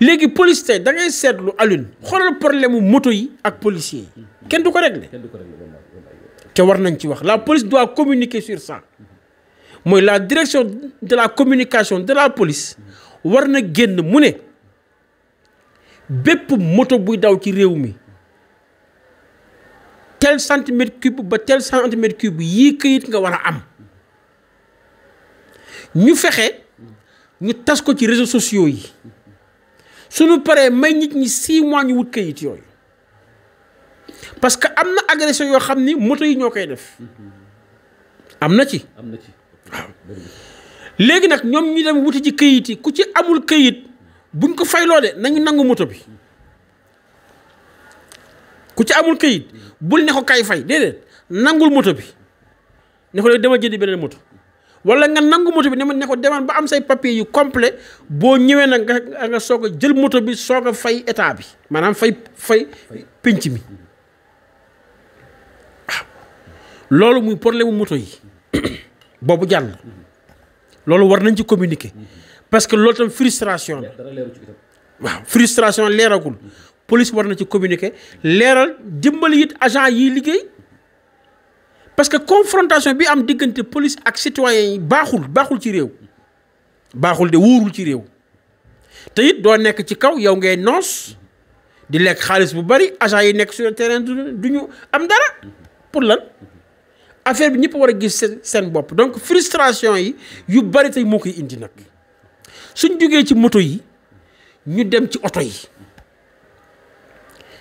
léegi police tey da ngay seetlu Alioune xoolal problème moto yi ak policiers Quel est le problème? réglé te war nañ ci wax la police doit communiquer sur ça Moi, la direction de la communication de la police war na génn mu ne moto buy daw ci réew mi tel centimètre cube ba tel centimètre cube yi keuyit nga wara am ñu Nous ñu tas ko ci réseaux sociaux yi sunu paree may nit ñi six mois ñu wut kayit yooyu parce que am na agression yoo xam ni moto yi ñoo koy def am na ci. am na ci léegi nag ñoom ñu dem wuti ci kayit yi ku ci amul kayit buñ ko fayloo de nañu nangu moto bi ku ci amul kayit bul ne ko kay fay déedéet nangul moto bi ne ko léegi dama jëndi beneen moto. wala nga nangu moto bi ne ma ne ko demal ba am say papier yu complet boo ñëwee nag nga nga soog a jël moto bi soog a fay état bi maanaam fay fay pénc mi waaw ah. loolu muy problème mu moto yi boobu jàll loolu war nañ ci communiquer parce que loolu tam frustration la waaw frustration leeragul police war na ci communiqué leeral dimbali it agent yiy liggéey. parce que confrontation bi am diggante police ak citoyen yi baaxul baaxul ci réew baaxul de wóorul ci réew te it doo nekk ci kaw yow ngay noos di lek xaalis bu bari agent yi nek sur le terrain du am dara pour lan affaire bi ñepp wara a gis sen bop donc frustration yi yu bari tay moko indi nak suñ jógee ci moto yi ñu dem ci auto yi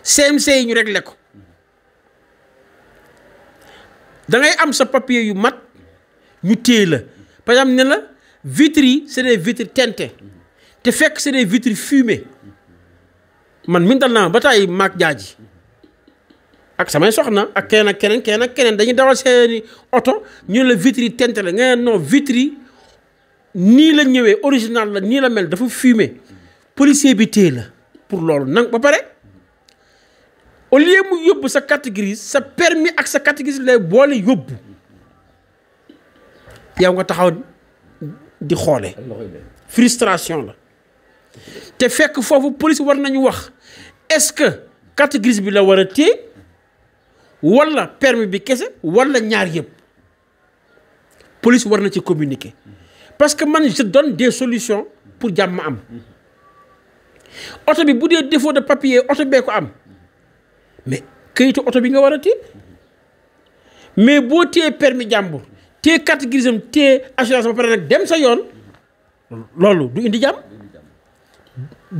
CMC yi ñu réglé ko dans les am sa papier yu mat par exemple vitres c'est des vitres teintées c'est des vitres fumées man min na naa ba ak samay soxna ak dañuy dawal ñu le vitres la sont non vitres original la la mel dafa fumé policier pour leur nang au lieu mu yóbbu sa catégorie, sa permis ak sa carte grise lay boole yóbbu yow nga taxaw di xoole frustration la te fekk foofu police war nañu wax est-ce que catégorie bi la war a téye walla permis bi kese walla ñaar yëpp police war na ci communiquer parce que man je donne des solutions pour diam am oto bi bu dee défaut de papier Autre, bee ko am mais kayitu oto bi nga war a téye mais boo téye permis jàmbur téye carte grise am téye assurance ba pare nag dem sa yoon loolu du indi jàmm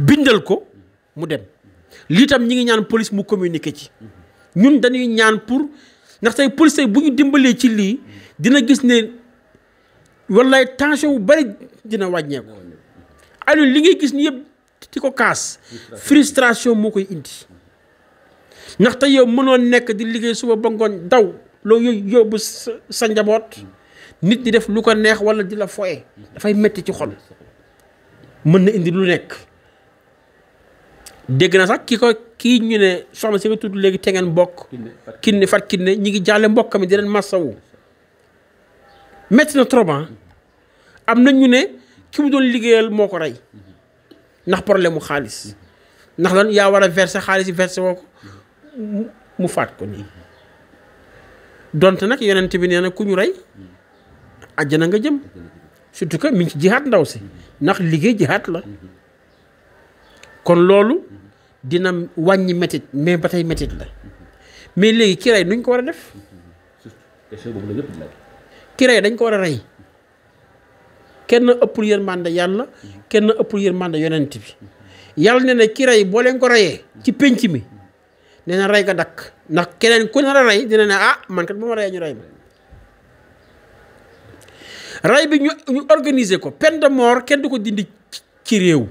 bindal ko mu dem lii tam ñi ngi ñaan police mu communiquer ci ñun dañuy ñaan pour ndax tey police tey bu ñu dimbalee ci lii dina gis ne wallaay tension bu bari dina wàññeeku Aliou li ngay gis ni yëpp di ko kaas frustration moo koy indi ndax te yow mënoon nekk di liggéey suba ba ngoon daw loo yóbbu sa njaboot nit di def lu ko neex wala di la foye dafay metti ci xol mën na indi lu nekk dégg na sax ki ko kii ñu ne soxna si nga tudd léegi te ngeen bokk kinne fat kinne ñi ngi jàlle mbokkam mi di leen massawu metti na trop ah. am na ñu ne ki mu doon liggéeyal moo ko rey mm-hmm. ndax problème mu xaalis ndax lan yaa war a verser xaalis yi verser woo ko mu faat ko nii donte nag yonent bi nee na ku ñu rey àjjana nga jëm surtout que mi ngi ci jihaat ndaw si ndax liggéey jihaat la kon loolu dina wàññi métit mais ba tey métit la mais léegi ki rey nuñ ko war a def ki rey dañ ko war a rey kenn ëppul yërmande yàlla kenn ëppul yërmande yonent bi yàlla ne na ki rey boo leen ko reyee ci pénc mi nee na rey ga dakk ndax keneen ku nar a rey dina ne ah man kat bu ma reyee ñu rey ma rey bi ñu ñu ko peine de mort kenn du ko dindi ci réew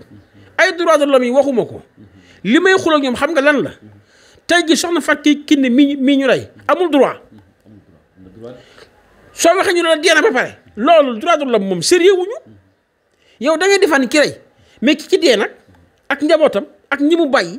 ay droits de l'homme yi waxuma ko li may xuloo ñoom xam nga lan la tey ji soxna Fatou Kiné mi mii ñu rey amul droit soo waxee ñu ne la dee na ba pare loolu droit de l'homme moom sérieux wuñu yow da ngay defaan ki rey mais ki ci dee nag ak njabootam ak ñi mu bàyyi